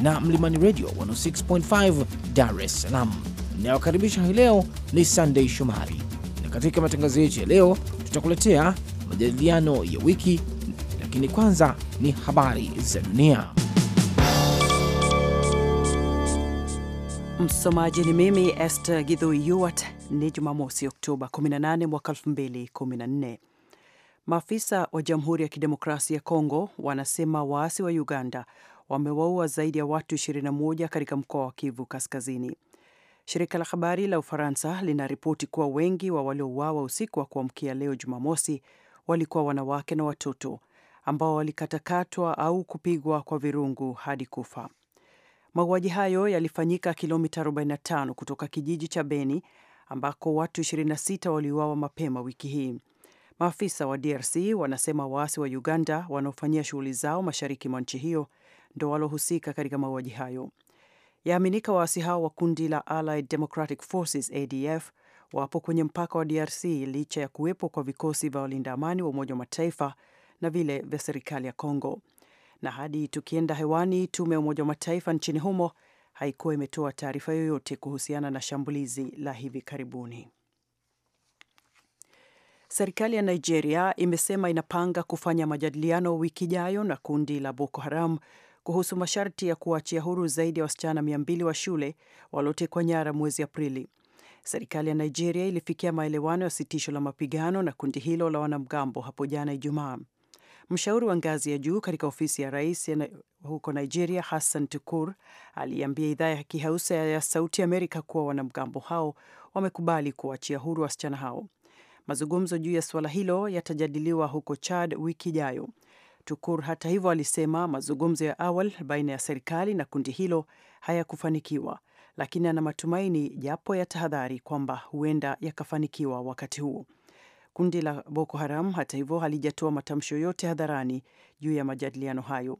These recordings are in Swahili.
na Mlimani Radio 106.5 Dar es Salaam. Inayokaribisha hii leo ni Sunday Shomari, na katika matangazo yetu ya leo tutakuletea majadiliano ya wiki, lakini kwanza ni habari za dunia. Msomaji ni mimi Esther Githui Yuat. Ni Jumamosi, Oktoba 18 mwaka 2014. Maafisa wa Jamhuri ya Kidemokrasia ya Kongo wanasema waasi wa Uganda wamewaua zaidi ya watu 21 katika mkoa wa Kivu Kaskazini. Shirika la habari la Ufaransa linaripoti kuwa wengi wa waliouawa usiku wa kuamkia leo Jumamosi walikuwa wanawake na watoto ambao walikatakatwa au kupigwa kwa virungu hadi kufa. Mauaji hayo yalifanyika kilomita 45 kutoka kijiji cha Beni ambako watu 26 waliuawa mapema wiki hii. Maafisa wa DRC wanasema waasi wa Uganda wanaofanyia shughuli zao mashariki mwa nchi hiyo ndo walohusika katika mauaji hayo. Yaaminika waasi hao wa kundi la Allied Democratic Forces ADF wapo kwenye mpaka wa DRC licha ya kuwepo kwa vikosi vya walinda amani wa Umoja wa Mataifa na vile vya serikali ya congo Na hadi tukienda hewani, tume ya Umoja wa Mataifa nchini humo haikuwa imetoa taarifa yoyote kuhusiana na shambulizi la hivi karibuni. Serikali ya Nigeria imesema inapanga kufanya majadiliano wiki ijayo na kundi la Boko Haram kuhusu masharti ya kuachia huru zaidi ya wasichana 200 wa shule waliotekwa nyara mwezi Aprili. Serikali ya Nigeria ilifikia maelewano ya sitisho la mapigano na kundi hilo la wanamgambo hapo jana Ijumaa. Mshauri wa ngazi ya juu katika ofisi ya rais ya na, huko Nigeria, Hassan Tukur aliambia idhaa ya Kihausa ya Sauti Amerika kuwa wanamgambo hao wamekubali kuachia huru wasichana hao. Mazungumzo juu ya suala hilo yatajadiliwa huko Chad wiki ijayo. Tukur hata hivyo alisema mazungumzo ya awali baina ya serikali na kundi hilo hayakufanikiwa, lakini ana matumaini japo ya tahadhari kwamba huenda yakafanikiwa wakati huo. Kundi la Boko Haram hata hivyo halijatoa matamsho yote hadharani juu ya majadiliano hayo.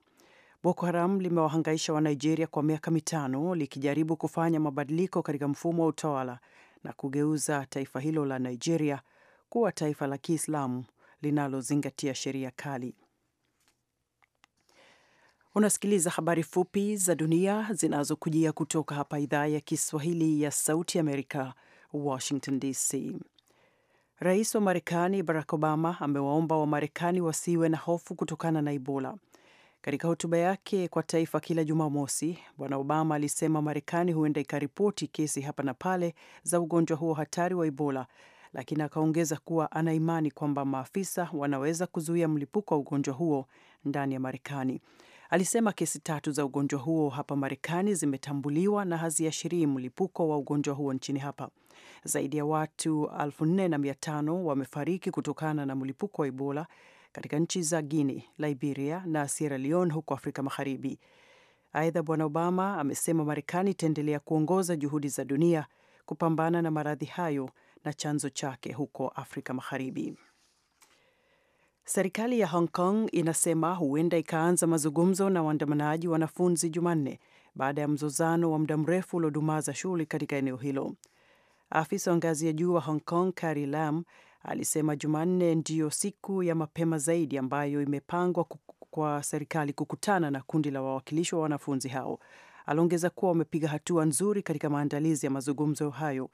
Boko Haram limewahangaisha Wanigeria kwa miaka mitano likijaribu kufanya mabadiliko katika mfumo wa utawala na kugeuza taifa hilo la Nigeria kuwa taifa la Kiislamu linalozingatia sheria kali. Unasikiliza habari fupi za dunia zinazokujia kutoka hapa idhaa ya Kiswahili ya Sauti Amerika, Washington DC. Rais wa Marekani Barack Obama amewaomba Wamarekani wasiwe na hofu kutokana na Ebola. Katika hotuba yake kwa taifa kila Jumamosi, Bwana Obama alisema Marekani huenda ikaripoti kesi hapa na pale za ugonjwa huo hatari wa Ebola, lakini akaongeza kuwa ana imani kwamba maafisa wanaweza kuzuia mlipuko wa ugonjwa huo ndani ya Marekani alisema kesi tatu za ugonjwa huo hapa Marekani zimetambuliwa na haziashirii mlipuko wa ugonjwa huo nchini hapa. Zaidi ya watu 4500 wamefariki kutokana na mlipuko wa Ebola katika nchi za Guinea, Liberia na Sierra Leone huko Afrika Magharibi. Aidha, Bwana Obama amesema Marekani itaendelea kuongoza juhudi za dunia kupambana na maradhi hayo na chanzo chake huko Afrika Magharibi. Serikali ya Hong Kong inasema huenda ikaanza mazungumzo na waandamanaji wanafunzi Jumanne baada ya mzozano wa muda mrefu uliodumaza shughuli katika eneo hilo. Afisa wa ngazi ya juu wa Hong Kong Carrie Lam alisema Jumanne ndiyo siku ya mapema zaidi ambayo imepangwa kwa serikali kukutana na kundi la wawakilishi wa wanafunzi hao. Aliongeza kuwa wamepiga hatua nzuri katika maandalizi ya mazungumzo hayo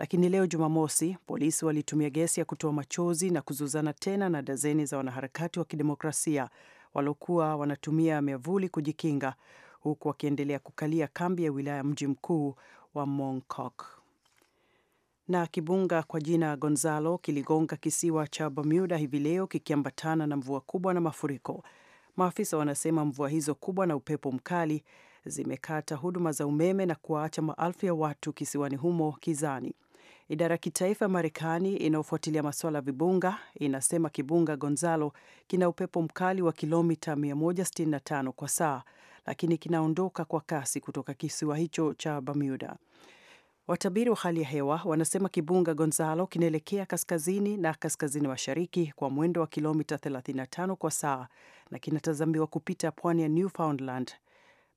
lakini leo Jumamosi, polisi walitumia gesi ya kutoa machozi na kuzuzana tena na dazeni za wanaharakati wa kidemokrasia waliokuwa wanatumia miavuli kujikinga, huku wakiendelea kukalia kambi ya wilaya mji mkuu wa Mongkok. Na kibunga kwa jina Gonzalo kiligonga kisiwa cha Bermuda hivi leo kikiambatana na mvua kubwa na mafuriko. Maafisa wanasema mvua hizo kubwa na upepo mkali zimekata huduma za umeme na kuwaacha maelfu ya watu kisiwani humo kizani. Idara ya kitaifa ya Marekani inayofuatilia masuala ya vibunga inasema kibunga Gonzalo kina upepo mkali wa kilomita 165 kwa saa, lakini kinaondoka kwa kasi kutoka kisiwa hicho cha Bermuda. Watabiri wa hali ya hewa wanasema kibunga Gonzalo kinaelekea kaskazini na kaskazini mashariki kwa mwendo wa kilomita 35 kwa saa na kinatazamiwa kupita pwani ya Newfoundland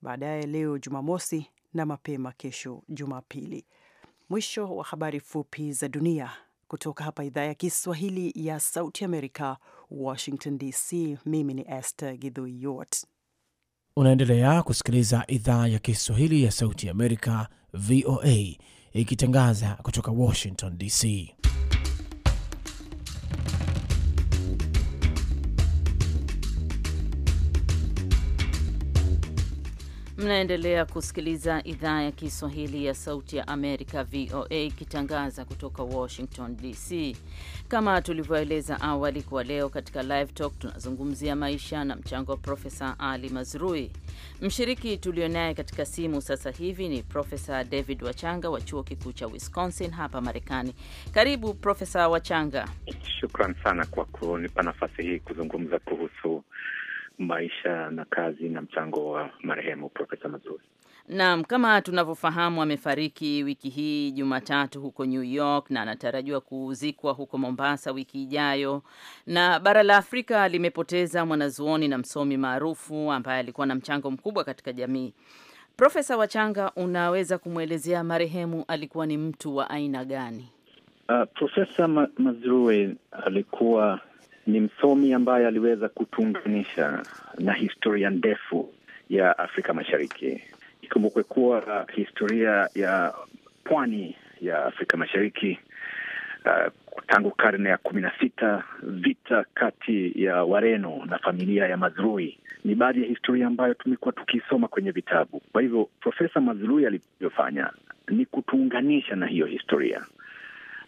baadaye leo Jumamosi na mapema kesho Jumapili. Mwisho wa habari fupi za dunia kutoka hapa idhaa ya Kiswahili ya Sauti Amerika, Washington DC. Mimi ni Esther Gidhyot. Unaendelea kusikiliza idhaa ya Kiswahili ya Sauti Amerika, VOA, ikitangaza kutoka Washington DC. Mnaendelea kusikiliza idhaa ya Kiswahili ya Sauti ya Amerika, VOA, ikitangaza kutoka Washington DC. Kama tulivyoeleza awali, kwa leo katika Live Talk tunazungumzia maisha na mchango wa Profesa Ali Mazrui. Mshiriki tulionaye katika simu sasa hivi ni Profesa David Wachanga wa chuo kikuu cha Wisconsin hapa Marekani. Karibu Profesa Wachanga. Shukran sana kwa kunipa nafasi hii kuzungumza kuhusu maisha na kazi na mchango wa marehemu Profesa Mazrui. Naam, kama tunavyofahamu amefariki wiki hii Jumatatu huko New York na anatarajiwa kuzikwa huko Mombasa wiki ijayo. Na bara la Afrika limepoteza mwanazuoni na msomi maarufu ambaye alikuwa na mchango mkubwa katika jamii. Profesa Wachanga, unaweza kumwelezea marehemu alikuwa ni mtu wa aina gani? Uh, Profesa Mazrui alikuwa ni msomi ambaye aliweza kutuunganisha na historia ndefu ya Afrika Mashariki. Ikumbukwe kuwa uh, historia ya pwani ya Afrika Mashariki uh, tangu karne ya kumi na sita, vita kati ya Wareno na familia ya Mazrui ni baadhi ya historia ambayo tumekuwa tukisoma kwenye vitabu. Kwa hivyo Profesa Mazrui alivyofanya ni kutuunganisha na hiyo historia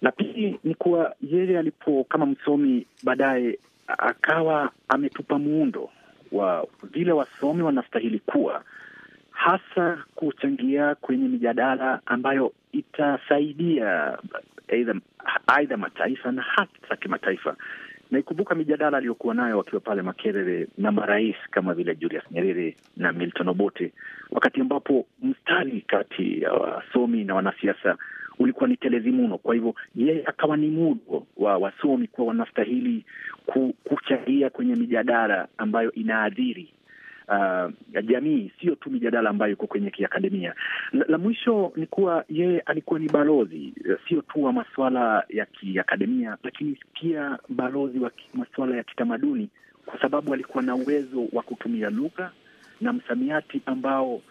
na pili ni kuwa yeye alipo kama msomi baadaye akawa ametupa muundo wa vile wasomi wanastahili kuwa, hasa kuchangia kwenye mijadala ambayo itasaidia aidha mataifa na hata kimataifa. Naikumbuka mijadala aliyokuwa nayo wakiwa pale Makerere na marais kama vile Julius Nyerere na Milton Obote, wakati ambapo mstari kati ya wasomi na wanasiasa ulikuwa ni telezi muno. Kwa hivyo yeye akawa ni mudo wa wasomi kuwa wanastahili kuchangia kwenye mijadala ambayo inaadhiri Uh, jamii sio tu mijadala ambayo iko kwenye kiakademia. La, la mwisho ni kuwa yeye alikuwa ni balozi sio tu wa masuala ya kiakademia, lakini pia balozi wa masuala ya kitamaduni, kwa sababu alikuwa na uwezo wa kutumia lugha na msamiati ambao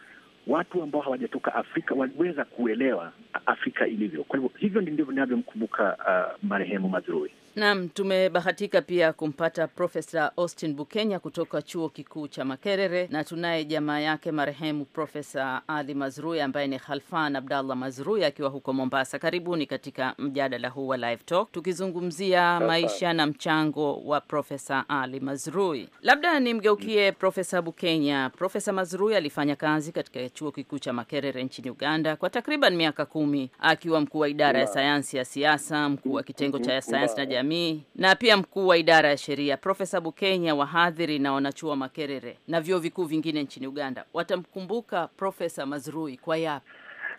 watu ambao hawajatoka Afrika waliweza kuelewa Afrika ilivyo. Kwa hivyo hivyo ndivyo ninavyomkumbuka uh, marehemu Madhurui. Naam, tumebahatika pia kumpata Profesa Austin Bukenya kutoka chuo kikuu cha Makerere, na tunaye jamaa yake marehemu Profesa Ali Mazrui ambaye ni Khalfan Abdallah Mazrui akiwa huko Mombasa. Karibuni katika mjadala huu wa Live Talk tukizungumzia maisha na mchango wa Profesa Ali Mazrui. Labda nimgeukie Profesa Bukenya. Profesa Mazrui alifanya kazi katika chuo kikuu cha Makerere nchini Uganda kwa takriban miaka kumi akiwa mkuu wa idara ya sayansi ya siasa, mkuu wa kitengo cha sayansi na jamii na pia mkuu wa idara ya sheria Profesa Bukenya, wahadhiri na wanachuo Makerere na vyuo vikuu vingine nchini Uganda watamkumbuka Profesa Mazrui kwa yapi?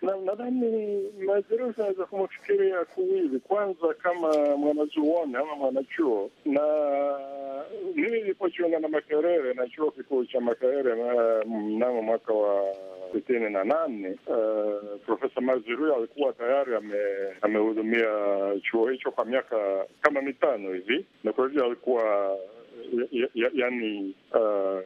Nadhani Majeruhi anaweza kumfikiria kuwili kwanza, kama mwanazuoni ama mwanachuo, na mimi nilipojiunga na Makerere na chuo kikuu cha Makerere uh, mnamo mwaka wa sitini na nane, uh, Profesa Mazirui alikuwa tayari amehudumia chuo hicho kwa miaka kama mitano hivi, na kwa hivyo alikuwa yaani ya, ya, uh,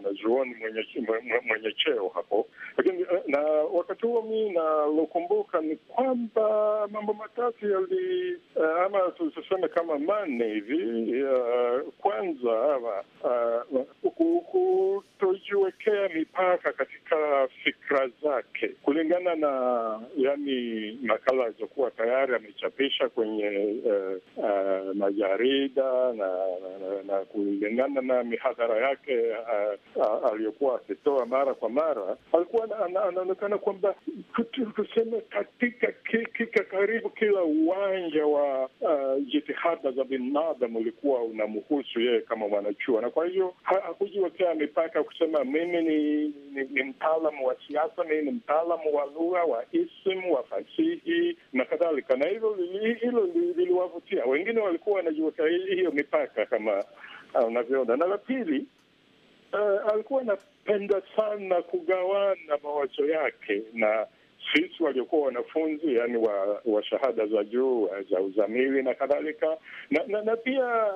mwanazuoni mwenye, mwenye cheo hapo. Lakini eh, na wakati huo mi nalokumbuka ni kwamba mambo matatu yali uh, ama tuseme kama manne hivi uh, kwanza uh, kutojiwekea mipaka katika fikra zake kulingana na yani makala alizokuwa tayari amechapisha kwenye uh, uh, majarida na, na, na, na kulingana na mihadhara yake uh, aliyokuwa akitoa mara kwa mara, alikuwa anaonekana kwamba tuseme, katika kika karibu kila uwanja wa jitihada za binadamu ulikuwa unamhusu yeye kama mwanachuo, na kwa hivyo hakujiwekea mipaka kusema mimi ni, ni, ni mtaalamu wa siasa, mimi ni mtaalamu wa lugha, wa isimu, wa fasihi na kadhalika, na hilo hilo liliwavutia wengine. Walikuwa wanajiwekea hiyo mipaka kama unavyoona, na la pili uh, alikuwa anapenda sana kugawana mawazo yake na sisi waliokuwa wanafunzi yani wa, wa shahada za juu eh, za uzamili na kadhalika na, na, na pia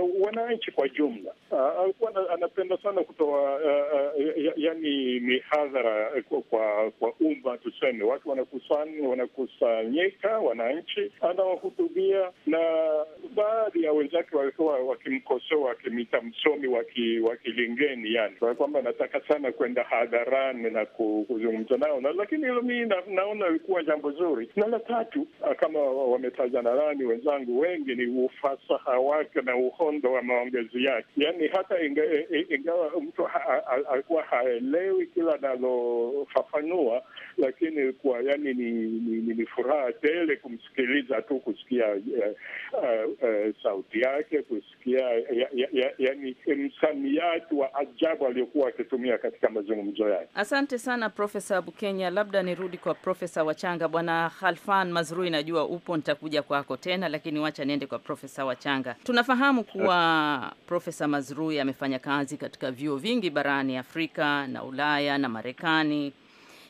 uh, wananchi kwa jumla ah, alikuwa uh, anapenda sana kutoa uh, uh, yani mihadhara kwa, kwa, kwa umma tuseme, watu wanakusanyika, wanakusanyika wananchi, anawahutubia na baadhi ya wenzake walikuwa wakimkosoa, wakimita msomi wakilingeni, waki yani kwamba anataka sana kwenda hadharani na kuzungumza nao, lakini hili na, naona ilikuwa jambo zuri. Na la tatu ah, kama wametaja nadhani wenzangu wengi ni ufasaha wake na uhondo wa maongezi yake, yaani hata e, e, ingawa mtu alikuwa haelewi kila analofafanua lakini kwa yani ni, ni, ni, ni furaha tele kumsikiliza tu, kusikia uh, uh, uh, sauti yake, kusikia ya, ya, ya, msamiati wa ajabu aliyokuwa akitumia katika mazungumzo yake. Asante sana Profesa Bukenya. Labda nirudi kwa Profesa Wachanga. Bwana Halfan Mazrui, najua upo, nitakuja kwako tena, lakini wacha niende kwa Profesa Wachanga. Tunafahamu kuwa Profesa Mazrui amefanya kazi katika vyuo vingi barani Afrika na Ulaya na Marekani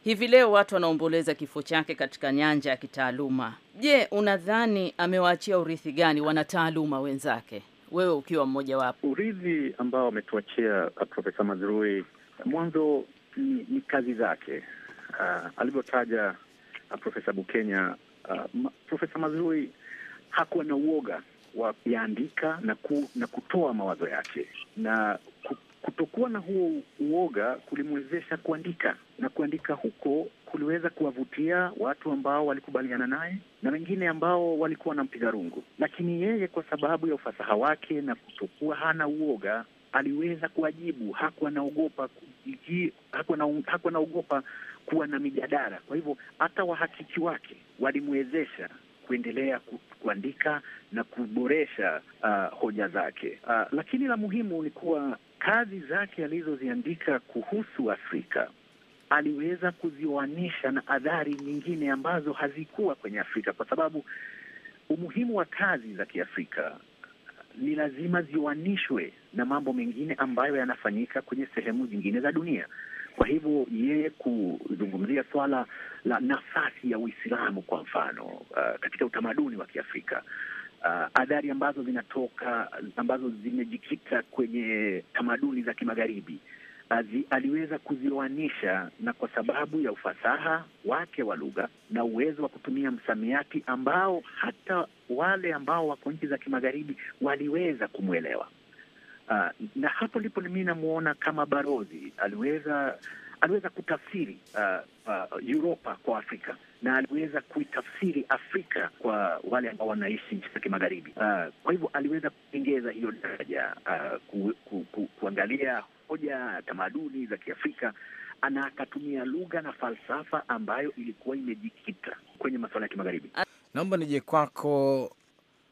Hivi leo watu wanaomboleza kifo chake katika nyanja ya kitaaluma. Je, unadhani amewaachia urithi gani wanataaluma wenzake, wewe ukiwa mmoja wapo? Urithi ambao ametuachia Profesa Mazrui mwanzo ni, ni kazi zake uh, alivyotaja uh, Profesa Bukenya uh, Profesa Mazrui hakuwa na uoga wa kuandika na, ku, na kutoa mawazo yake na Kutokuwa na huo uoga kulimwezesha kuandika na kuandika huko kuliweza kuwavutia watu ambao walikubaliana naye na wengine ambao walikuwa na mpiga rungu, lakini yeye kwa sababu ya ufasaha wake na kutokuwa hana uoga aliweza kuwajibu, hakuwa naogopa, hakuwa naogopa kuwa na mijadala. Kwa hivyo hata wahakiki wake walimwezesha kuendelea ku, kuandika na kuboresha uh, hoja zake uh, lakini la muhimu ni kuwa kazi zake alizoziandika kuhusu Afrika aliweza kuzioanisha na adhari nyingine ambazo hazikuwa kwenye Afrika, kwa sababu umuhimu wa kazi za Kiafrika ni lazima zioanishwe na mambo mengine ambayo yanafanyika kwenye sehemu zingine za dunia. Kwa hivyo yeye kuzungumzia swala la nafasi ya Uislamu kwa mfano, uh, katika utamaduni wa Kiafrika uh, adhari ambazo zinatoka ambazo zimejikita kwenye tamaduni za kimagharibi Azi, aliweza kuzioanisha na kwa sababu ya ufasaha wake wa lugha na uwezo wa kutumia msamiati ambao hata wale ambao wako nchi za kimagharibi waliweza kumwelewa. Uh, na hapo ndipo mimi namuona kama barozi, aliweza aliweza kutafsiri uh, uh, Uropa kwa Afrika na aliweza kuitafsiri Afrika kwa wale ambao wanaishi nchi za kimagharibi. Uh, ah, kwa hivyo aliweza kuengeza hiyo daraja uh, ku, ku, ku, kuangalia hoja tamaduni za Kiafrika na akatumia lugha na falsafa ambayo ilikuwa imejikita kwenye masuala ya kimagharibi. Naomba nije kwako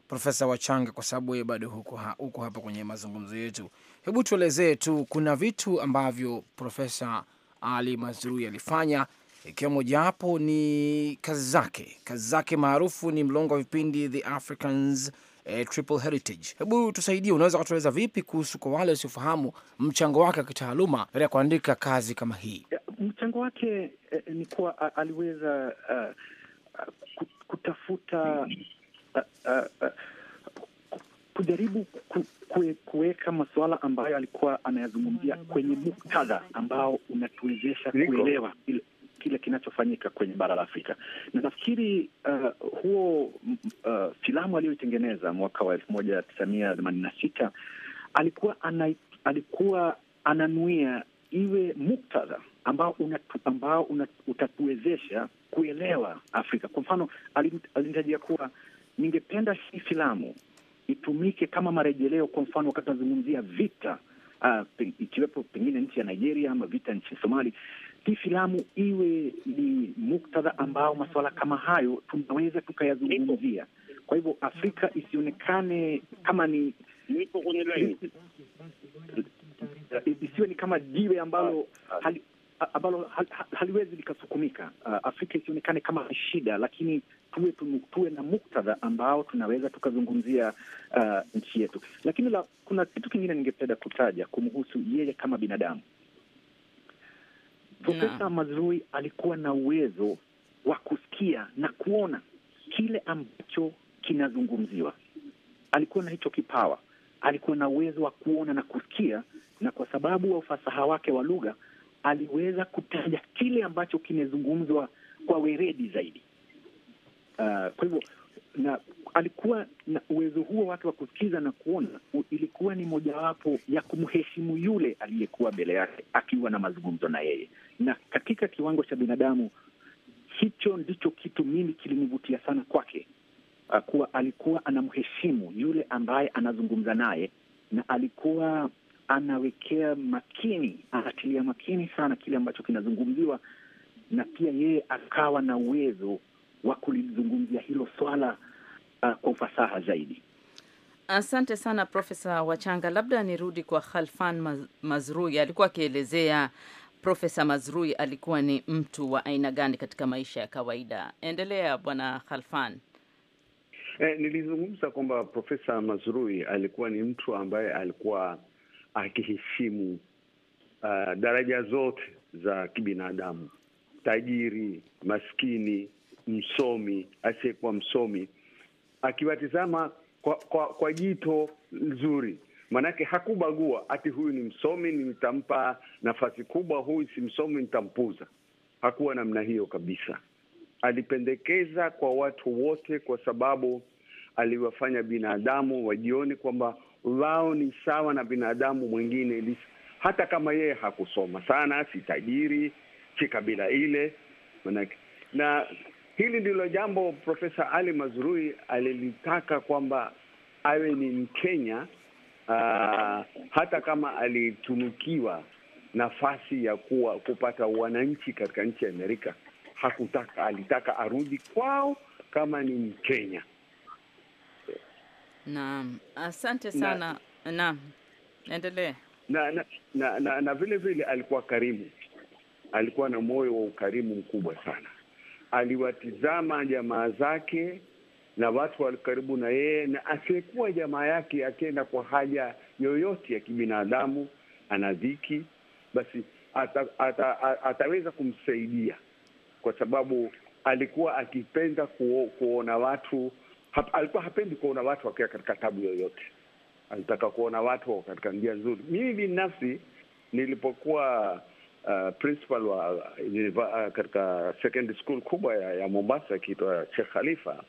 Profesa Wachanga, kwa sababu ye bado huko, ha, huko hapa kwenye mazungumzo yetu. Hebu tuelezee tu, kuna vitu ambavyo Profesa Ali Mazrui alifanya ikiwa mojawapo ni kazi zake. Kazi zake maarufu ni mlongo wa vipindi The Africans eh, Triple Heritage. Hebu tusaidie, unaweza kutueleza vipi kuhusu, kwa wale wasiofahamu, mchango wake wa kitaaluma katika kuandika kazi kama hii? Mchango wake eh, ni kuwa aliweza uh, kutafuta uh, uh, uh, kujaribu kuweka masuala ambayo alikuwa anayazungumzia kwenye muktadha ambao unatuwezesha kuelewa kile kinachofanyika kwenye bara la Afrika, na nafikiri uh, huo uh, filamu aliyoitengeneza mwaka wa elfu moja tisa mia themanini na sita alikuwa ana, alikuwa ananuia iwe muktadha ambao unatu, ambao una, utatuwezesha kuelewa Afrika. Kwa mfano alinitajia kuwa ningependa hii filamu itumike kama marejeleo, kwa mfano wakati nazungumzia vita uh, ikiwepo pengine nchi ya Nigeria ama vita nchini Somali, hii filamu iwe ni muktadha ambao masuala kama hayo tunaweza tukayazungumzia. Kwa hivyo Afrika isionekane kama ni nipo kwenye laini, isiwe ni kama jiwe ambalo hali ambalo haliwezi likasukumika. Uh, Afrika isionekane kama shida, lakini tuwe tuwe na muktadha ambao tunaweza tukazungumzia uh, nchi yetu. Lakini la, kuna kitu kingine ningependa kutaja kumhusu yeye kama binadamu Profesa Mazrui alikuwa na uwezo wa kusikia na kuona kile ambacho kinazungumziwa. Alikuwa na hicho kipawa, alikuwa na uwezo wa kuona na kusikia, na kwa sababu wa ufasaha wake wa lugha aliweza kutaja kile ambacho kimezungumzwa kwa weredi zaidi. Uh, kwa hivyo na alikuwa na uwezo huo wake wa kusikiza na kuona, ilikuwa ni mojawapo ya kumheshimu yule aliyekuwa mbele yake akiwa na mazungumzo na yeye. Na katika kiwango cha binadamu, hicho ndicho kitu mimi kilinivutia sana kwake, uh, kuwa alikuwa anamheshimu yule ambaye anazungumza naye, na alikuwa anawekea makini, anatilia makini sana kile ambacho kinazungumziwa, na pia yeye akawa na uwezo wa kulizungumzia hilo swala kwa ufasaha zaidi. Asante sana Profesa Wachanga. Labda nirudi kwa Khalfan Mazrui, alikuwa akielezea Profesa Mazrui alikuwa ni mtu wa aina gani katika maisha ya kawaida. Endelea Bwana Khalfan. E, nilizungumza kwamba Profesa Mazrui alikuwa ni mtu ambaye alikuwa akiheshimu uh, daraja zote za kibinadamu: tajiri, maskini, msomi, asiyekuwa msomi akiwatizama kwa, kwa, kwa jito nzuri manake hakubagua ati huyu ni msomi nitampa nafasi kubwa, huyu si msomi nitampuza. Hakuwa namna hiyo kabisa. Alipendekeza kwa watu wote, kwa sababu aliwafanya binadamu wajione kwamba wao ni sawa na binadamu mwingine, hata kama yeye hakusoma sana, si tajiri, si kabila ile, na Hili ndilo jambo Profesa Ali Mazrui alilitaka kwamba awe ni Mkenya uh, hata kama alitunukiwa nafasi ya kuwa kupata wananchi katika nchi ya Amerika hakutaka, alitaka arudi kwao kama ni Mkenya. Naam, asante sana. Naam, endelee. Na na, na, na, na vile vile alikuwa karimu, alikuwa na moyo wa ukarimu mkubwa sana aliwatizama jamaa zake na watu walikaribu na yeye na asiyekuwa jamaa yake akienda kwa haja yoyote ya kibinadamu, ana dhiki, basi ata, ata, ata, ataweza kumsaidia kwa sababu alikuwa akipenda kuona watu hap, alikuwa hapendi kuona watu wakiwa katika tabu yoyote. Alitaka kuona watu katika njia nzuri. Mimi binafsi nilipokuwa uh, principal wa uh, katika second school kubwa ya, ya Mombasa akiitwa Sheikh Khalifa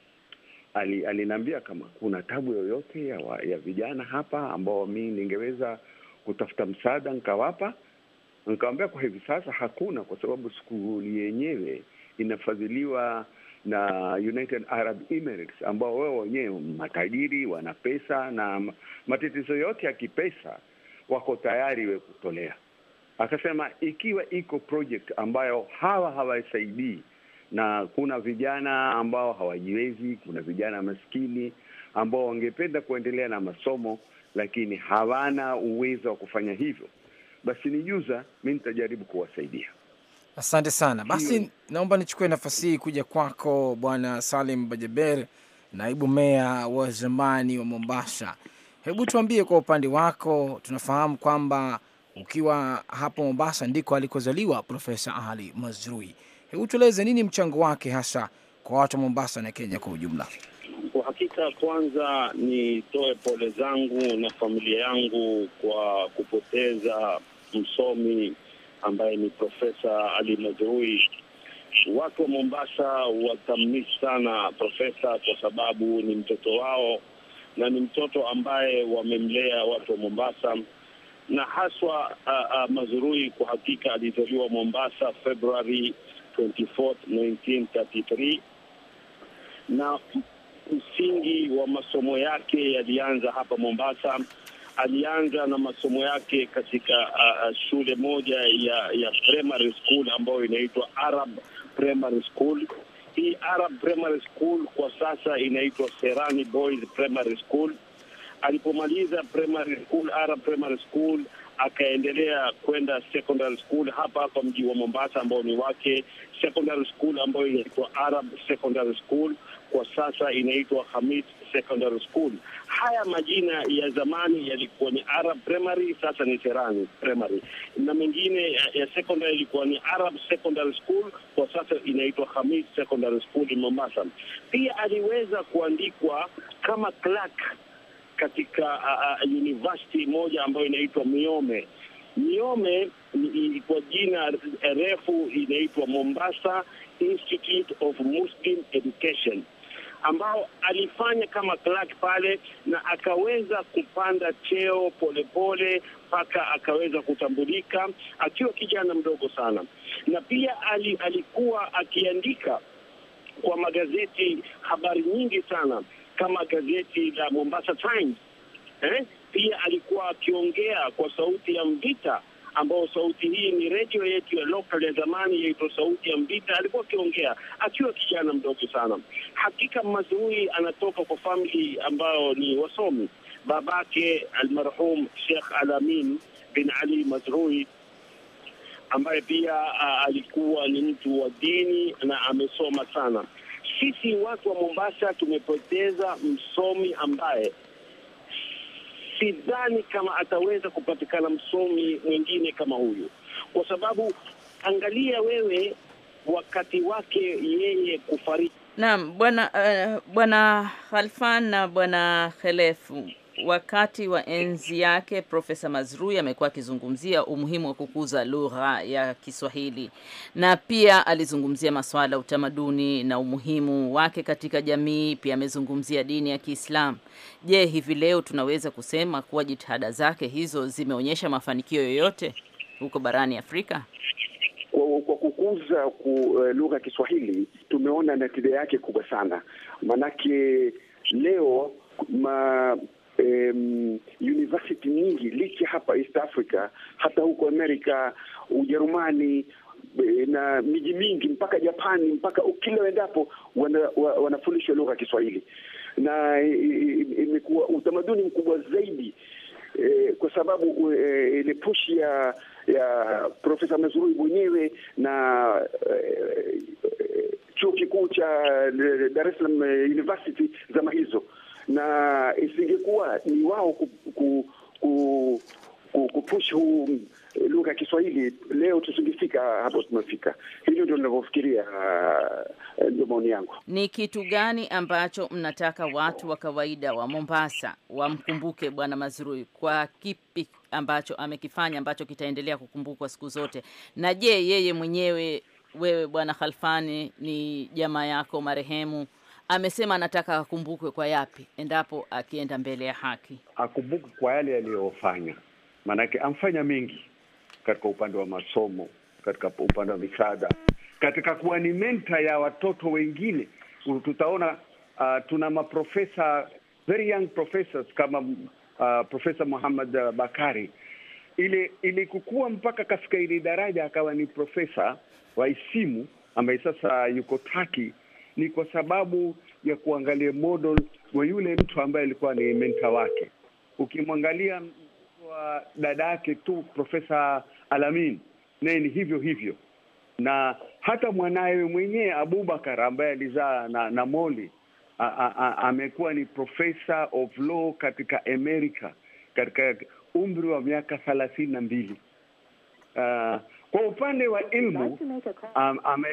ali, kama kuna tabu yoyote ya, ya vijana hapa ambao mi ningeweza kutafuta msaada nikawapa. Nikawambia kwa hivi sasa hakuna, kwa sababu skuli yenyewe inafadhiliwa na United Arab Emirates ambao wao wenyewe matajiri, wana pesa na matatizo yote ya kipesa wako tayari we kutolea. Akasema ikiwa iko project ambayo hawa hawasaidii na kuna vijana ambao hawajiwezi, kuna vijana maskini ambao wangependa kuendelea na masomo lakini hawana uwezo wa kufanya hivyo, basi ni juza, mi nitajaribu kuwasaidia. Asante sana. Basi naomba nichukue nafasi hii kuja kwako Bwana Salim Bajaber, naibu meya wa zamani wa Mombasa. Hebu tuambie kwa upande wako, tunafahamu kwamba ukiwa hapo Mombasa ndiko alikozaliwa Profesa Ali Mazrui. Hebu tueleze nini mchango wake hasa kwa watu wa Mombasa na Kenya kwa ujumla? Kwa hakika, kwanza nitoe pole zangu na familia yangu kwa kupoteza msomi ambaye ni Profesa Ali Mazrui. Watu wa Mombasa watamisi sana profesa kwa sababu ni mtoto wao na ni mtoto ambaye wamemlea watu wa Mombasa na haswa uh, uh, Mazurui kwa hakika alizaliwa Mombasa Februari 24, 1933 na msingi wa masomo yake yalianza hapa Mombasa. Alianza na masomo yake katika uh, uh, shule moja ya ya primary school ambayo inaitwa Arab Primary School. Hii Arab Primary School kwa sasa inaitwa Serani Boys Primary School alipomaliza primary school, ara primary school akaendelea kwenda secondary school hapa hapa mji wa Mombasa ambao ni wake secondary school ambayo inaitwa Arab Secondary School, kwa sasa inaitwa Hamid Secondary School. Haya majina ya zamani yalikuwa ni Arab Primary, sasa ni Serani Primary, na mengine ya secondary ilikuwa ni Arab Secondary School, kwa sasa inaitwa Hamid Secondary School in Mombasa. Pia aliweza kuandikwa kama clerk katika uh, university moja ambayo inaitwa Miome. Miome ni, kwa jina refu inaitwa Mombasa Institute of Muslim Education ambao alifanya kama clerk pale na akaweza kupanda cheo polepole mpaka akaweza kutambulika akiwa kijana mdogo sana, na pia ali, alikuwa akiandika kwa magazeti habari nyingi sana kama gazeti la Mombasa Times eh? Pia alikuwa akiongea kwa sauti ya Mvita, ambao sauti hii ni redio yetu ya local ya zamani yaitwa sauti ya Mvita. Alikuwa akiongea akiwa kijana mdogo sana. Hakika Mazrui anatoka kwa famili ambayo ni wasomi. Babake almarhum Sheikh Alamin bin Ali Mazrui ambaye pia a, alikuwa ni mtu wa dini na amesoma sana sisi watu wa Mombasa tumepoteza msomi ambaye sidhani kama ataweza kupatikana msomi mwingine kama huyu, kwa sababu angalia wewe wakati wake yeye kufariki. Naam, bwana uh, bwana Halfan na bwana Khelefu wakati wa enzi yake Profesa Mazrui amekuwa akizungumzia umuhimu wa kukuza lugha ya Kiswahili na pia alizungumzia masuala ya utamaduni na umuhimu wake katika jamii. Pia amezungumzia dini ya Kiislamu. Je, hivi leo tunaweza kusema kuwa jitihada zake hizo zimeonyesha mafanikio yoyote huko barani Afrika? Kwa kukuza ku eh, lugha ya Kiswahili tumeona natija yake kubwa sana, manake leo ma um, university nyingi licha hapa East Africa, hata huko Amerika, Ujerumani eh, na miji mingi mpaka Japani, mpaka kila endapo wanafundishwa wana lugha ya Kiswahili na imekuwa utamaduni mkubwa zaidi eh, kwa sababu eh, ile push ya ya Profesa Mazrui mwenyewe na eh, eh, chuo kikuu cha eh, Dar es Salaam University zama hizo na isingekuwa ni wao ku, ku, ku, ku, kupush huu eh, lugha ya Kiswahili leo tusingefika hapo tumefika. Hilo ndio ninavyofikiria, eh, ndio maoni yangu. Ni kitu gani ambacho mnataka watu wa kawaida wa Mombasa wamkumbuke Bwana Mazrui kwa kipi ambacho amekifanya ambacho kitaendelea kukumbukwa siku zote? Na je, yeye mwenyewe wewe Bwana Khalfani ni jamaa yako marehemu amesema anataka akumbukwe kwa yapi endapo akienda mbele ya haki, akumbukwe kwa yale yaliyofanya, maanake amfanya mengi katika upande wa masomo, katika upande wa misaada, katika kuwa ni menta ya watoto wengine. Tutaona uh, tuna maprofesa very young professors kama uh, Profesa Muhammad Bakari ile ili kukua mpaka katika ile daraja akawa ni profesa wa isimu ambaye sasa yuko Taki ni kwa sababu ya kuangalia model wa yule mtu ambaye alikuwa ni mentor wake. Ukimwangalia wa dada yake tu Profesa Alamin, naye ni hivyo hivyo, na hata mwanawe mwenyewe Abubakar ambaye alizaa na, na Moli amekuwa ni professor of law katika america katika umri wa miaka thelathini na mbili. Uh, kwa upande wa ilmu ame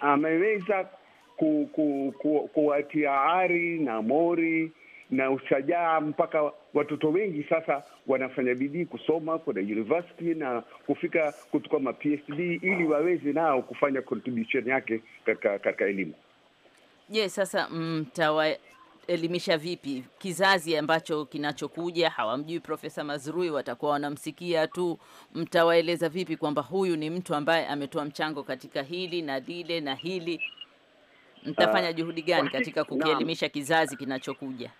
ameweza ku, ku, ku, kuwatia ari na mori na ushajaa mpaka watoto wengi sasa wanafanya bidii kusoma kwenda university na kufika kutoka ma PhD ili waweze nao kufanya contribution yake katika katika elimu. Je, yes, sasa mtawa elimisha vipi kizazi ambacho kinachokuja? Hawamjui Profesa Mazrui, watakuwa wanamsikia tu. Mtawaeleza vipi kwamba huyu ni mtu ambaye ametoa mchango katika hili na lile na hili? Mtafanya ah, juhudi gani katika kukielimisha kizazi kinachokuja?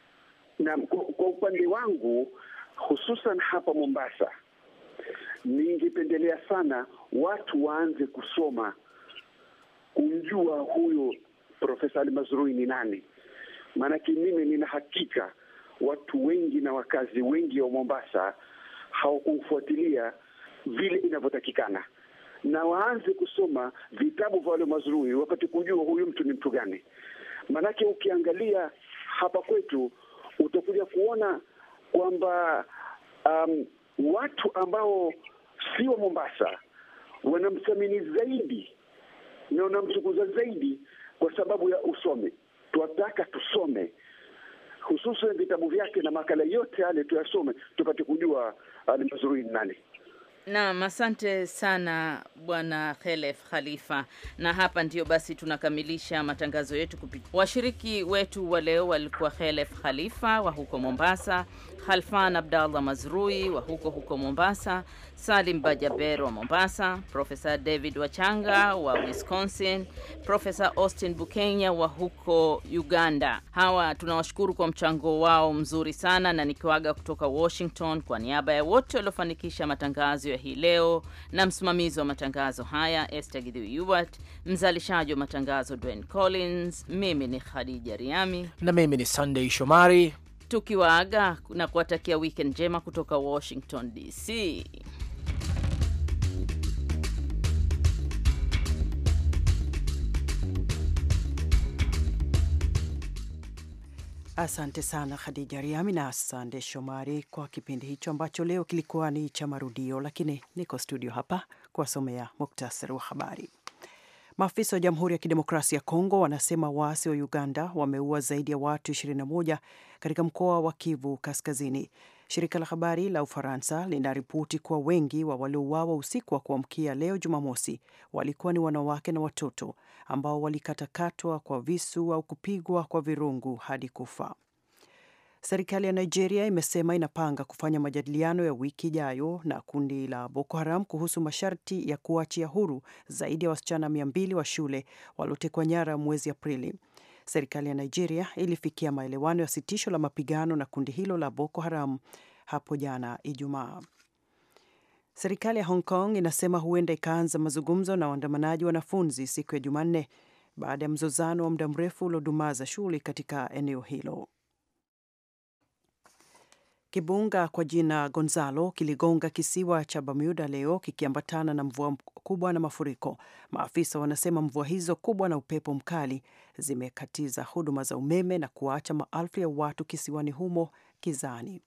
Naam, kwa upande wangu hususan hapa Mombasa ningependelea sana watu waanze kusoma kumjua huyo Profesa Almazrui ni nani, Maanake mimi nina hakika watu wengi na wakazi wengi wa Mombasa hawakumfuatilia vile inavyotakikana, na waanze kusoma vitabu vya wale mazurui wapate kujua huyu mtu ni mtu gani. Maanake ukiangalia hapa kwetu utakuja kuona kwamba um, watu ambao si wa Mombasa wanamthamini zaidi na wanamtukuza zaidi kwa sababu ya usomi twataka tusome hususan vitabu vyake na makala yote yale tuyasome, tupate kujua alimazurui ah, nani. Naam, asante sana bwana Khelef Khalifa. Na hapa ndiyo basi tunakamilisha matangazo yetu kupitia washiriki wetu wa leo walikuwa Khelef Khalifa wa huko Mombasa, Khalfan Abdallah Mazrui wa huko huko Mombasa, Salim Bajaber wa Mombasa, Profesa David Wachanga wa Wisconsin, Profesa Austin Bukenya wa huko Uganda. Hawa tunawashukuru kwa mchango wao mzuri sana, na nikiwaga kutoka Washington kwa niaba ya wote waliofanikisha matangazo ya hii leo, na msimamizi wa matangazo haya Esther Githui mzalishaji wa matangazo Dwayne Collins, mimi ni Khadija Riami na mimi ni Sunday Shomari, tukiwaaga na kuwatakia weekend njema kutoka Washington DC. Asante sana Khadija Riami na asante Shomari kwa kipindi hicho ambacho leo kilikuwa ni cha marudio, lakini niko studio hapa kuwasomea muktasari wa habari. Maafisa wa Jamhuri ya Kidemokrasia ya Kongo wanasema waasi wa Uganda wameua zaidi ya watu 21 katika mkoa wa Kivu Kaskazini. Shirika la habari la Ufaransa linaripoti kuwa wengi wa waliouawa usiku wa kuamkia leo Jumamosi walikuwa ni wanawake na watoto ambao walikatakatwa kwa visu au kupigwa kwa virungu hadi kufa. Serikali ya Nigeria imesema inapanga kufanya majadiliano ya wiki ijayo na kundi la Boko Haram kuhusu masharti ya kuachia huru zaidi ya wasichana mia wa shule waliotekwa nyara mwezi Aprili. Serikali ya Nigeria ilifikia maelewano ya sitisho la mapigano na kundi hilo la Boko Haram hapo jana Ijumaa. Serikali ya Hong Kong inasema huenda ikaanza mazungumzo na waandamanaji wanafunzi siku ya Jumanne baada ya mzozano wa muda mrefu uliodumaza shughuli katika eneo hilo. Kibunga kwa jina Gonzalo kiligonga kisiwa cha Bermuda leo kikiambatana na mvua kubwa na mafuriko. Maafisa wanasema mvua hizo kubwa na upepo mkali zimekatiza huduma za umeme na kuwaacha maelfu ya watu kisiwani humo kizani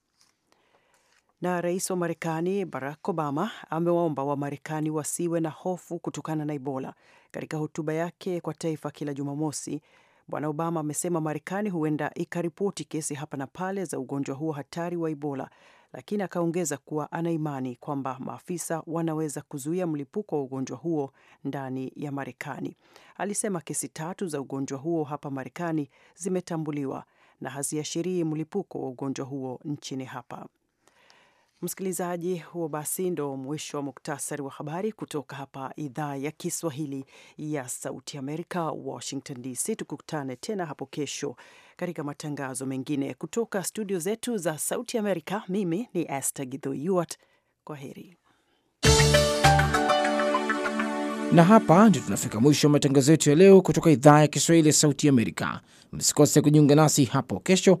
Na rais wa Marekani Barack Obama amewaomba Wamarekani wasiwe na hofu kutokana na Ebola. Katika hotuba yake kwa taifa kila Jumamosi, Bwana Obama amesema Marekani huenda ikaripoti kesi hapa na pale za ugonjwa huo hatari wa Ebola, lakini akaongeza kuwa ana imani kwamba maafisa wanaweza kuzuia mlipuko wa ugonjwa huo ndani ya Marekani. Alisema kesi tatu za ugonjwa huo hapa Marekani zimetambuliwa na haziashirii mlipuko wa ugonjwa huo nchini hapa. Msikilizaji, huo basi ndo mwisho wa muktasari wa habari kutoka hapa idhaa ya Kiswahili ya Sauti Amerika, Washington DC. Tukutane tena hapo kesho katika matangazo mengine kutoka studio zetu za Sauti Amerika. Mimi ni Esther Githo kwa heri. Na hapa ndio tunafika mwisho wa matangazo yetu ya leo kutoka idhaa ya Kiswahili ya Sauti Amerika. Msikose kujiunga nasi hapo kesho